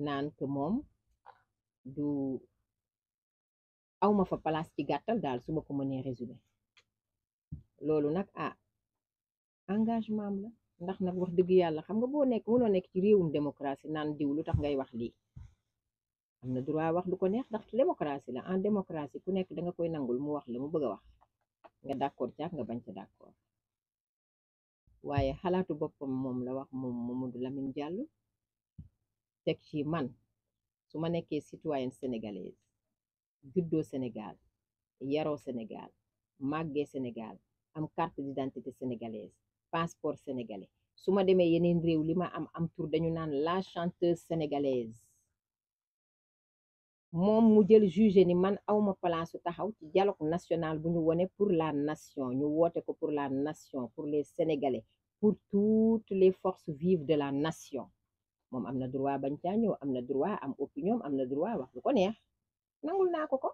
naan que moom du awma fa place ci gàttal daal su ko mënee résumé loolu nag ah engagement na la ndax nag wax dëgg yàlla xam nga boo nekk mënoo nekk ci réewum démocratie naan diw lu tax ngay wax lii am na droit wax lu ko neex ndax démocratie la en démocratie ku nekk danga koy nangul mu wax la mu bëgg a wax nga d'accord caak nga bañ ca d'accord waaye xalaatu boppam moom la wax moom Mamadou Lamine Diallo teg ci man su ma nekkee citoyen sénégalaise juddoo Sénégal yaroo Sénégal màggee Sénégal am carte d'identité sénégalaise passeport sénégalais su ma demee yeneen réew li ma am am tur dañu naan la chanteuse sénégalaise moom mu jël jugé ni man awma palaasu taxaw ci dialogue national bu ñu wone pour la nation ñu woote ko pour la nation pour les sénégalais pour toutes les forces vives de la nation moom am na droit bañ caa ñëw am na droit am opinion am na droit wax lu ko neex nangul naa ko ko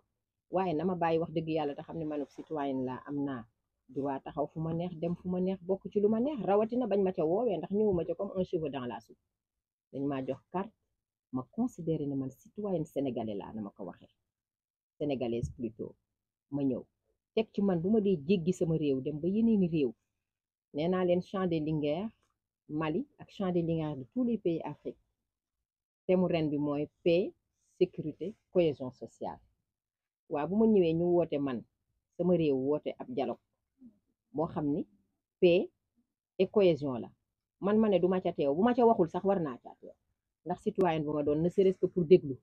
waaye nama ma bàyyi wax dëgg yàlla ta xam ne manub citoyen la am naa droit taxaw fu ma neex dem fu ma neex bokk ci lu ma neex rawatina bañ ma ca woowee ndax ñëwuma ca comme un cheveu dans la soupe dañ maa jox carte ma considéré ne man citoyen sénégalais laa nama ma ko waxee sénégalaise plutôt ma ñëw teg ci man bu ma dee jéggi sama réew dem ba yeneeni réew nee naa leen champ de Mali ak champ de lignage de tous les pays Afrique te mu ren bi mooy paix sécurité cohésion sociale waaw bu ma ñëwee ñu woote man sama réew woote ab dialogue moo xam ni paix et cohésion la man ma ne du ma ca teew bu ma ca waxul sax war naa ca teew ndax citoyen bu nga doon ne serait pour déglu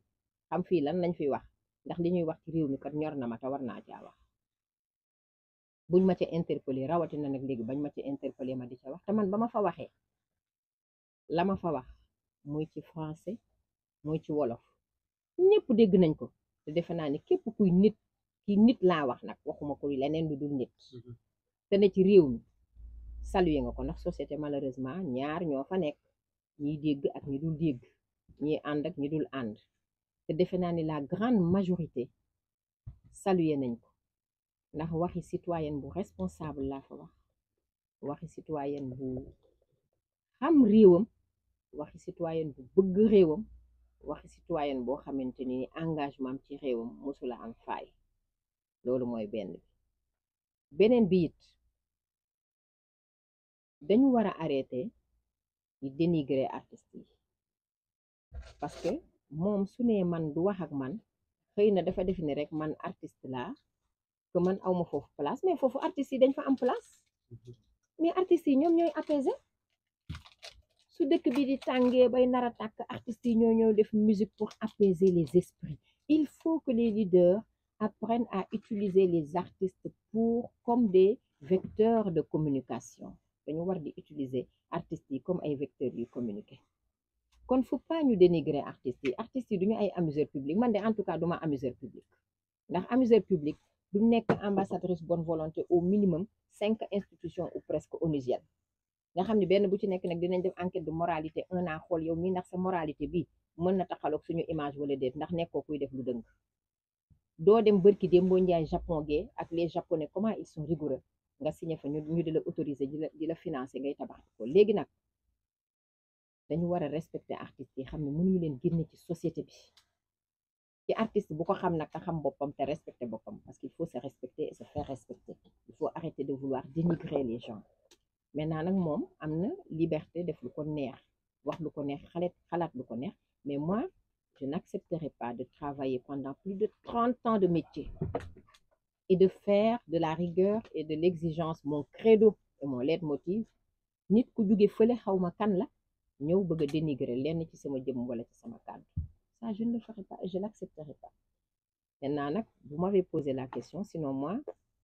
xam fii lan lañ fiy wax ndax li wax ci réew mi kat ñor na ma te war naa caa wax buñ ma ca rawatina nag léegi bañ ma ca interpellé ma di ca wax te man ba ma fa waxee la ma fa wax muy ci français mooy ci wolof ñëpp dégg nañ ko te defe naa ni képp kuy nit ki nit laa wax nag waxuma ko leneen lu dul nit mm-hmm. te ci réew mi saluer nga ko ndax société malheureusement ñaar ñoo fa nekk ñiy dégg ak ñi dul dégg ñiy ànd ak ñi dul ànd te defe naa ni la grande majorité saluer nañ ko ndax waxi citoyen bu responsable laa fa wax waxi citoyen bu xam réewam waxi citoyen bu bëgg réewam waxi citoyen boo xamante ni engagement am ci réewam mosula am faay loolu mooy benn bi beneen bi it dañu war a arrêté di dénigrer artistes yi parce que moom su nee man du wax ak man xëy na dafa defi ne rek man artiste laa que man awma foofu place mais foofu artistes yi dañ fa am place mhm. mais artistes yi ñoom ñooy apaiser su dëkk bi di tàngee bay nar a tàkk ñoo ñëw def musique pour apaiser les esprits il faut que les leaders apprennent à utiliser les artistes pour comme des vecteurs de communication dañu war di utiliser artistes yi comme ay vecteurs yu communiquer kon faut pas ñu dénigrer artistes yi artistes yi ay amuseurs publics man de en tout cas duma amuseur public ndax amuseur public du nekk ambassadrice bonne volonté au minimum cinq institutions ou presque onusiennes nga xam ne benn bu ci nekk nag dinañ def enquête de moralité un xool yow mii ndax sa moralité bi mën na taxaloog suñu image wala déet ndax nekkoo kuy def lu dëng doo dem bërki dem boo njaay japon gee ak les japonais comment ils sont rigoureux nga signé fa ñu ñu di la autoriser di la di la financer ngay tabax ko léegi nag dañu war a respecter artistes yi xam ne mënuñu leen génne ci société bi ci artiste bu ko xam nag te xam boppam te respecter boppam parce qu'il faut se respecter et se faire respecter il faut arrêter de vouloir dénigrer les gens maintenant nag moom am na liberté def lu ko neex wax lu ko neex xalaat xalaat lu ko neex mais moi je n'accepterai pas de travailler pendant plus de trente ans de métier et de faire de la rigueur et de l'exigence mon credo et mon leitmotiv nit ku jóge fële ma kan la ñëw bëgg a dénigrer lenn ci sama jëm wala ci sama kàddu ça je ne le ferai pas et je l'accepterai pas maintenant nag vous m'avez posé la question sinon moi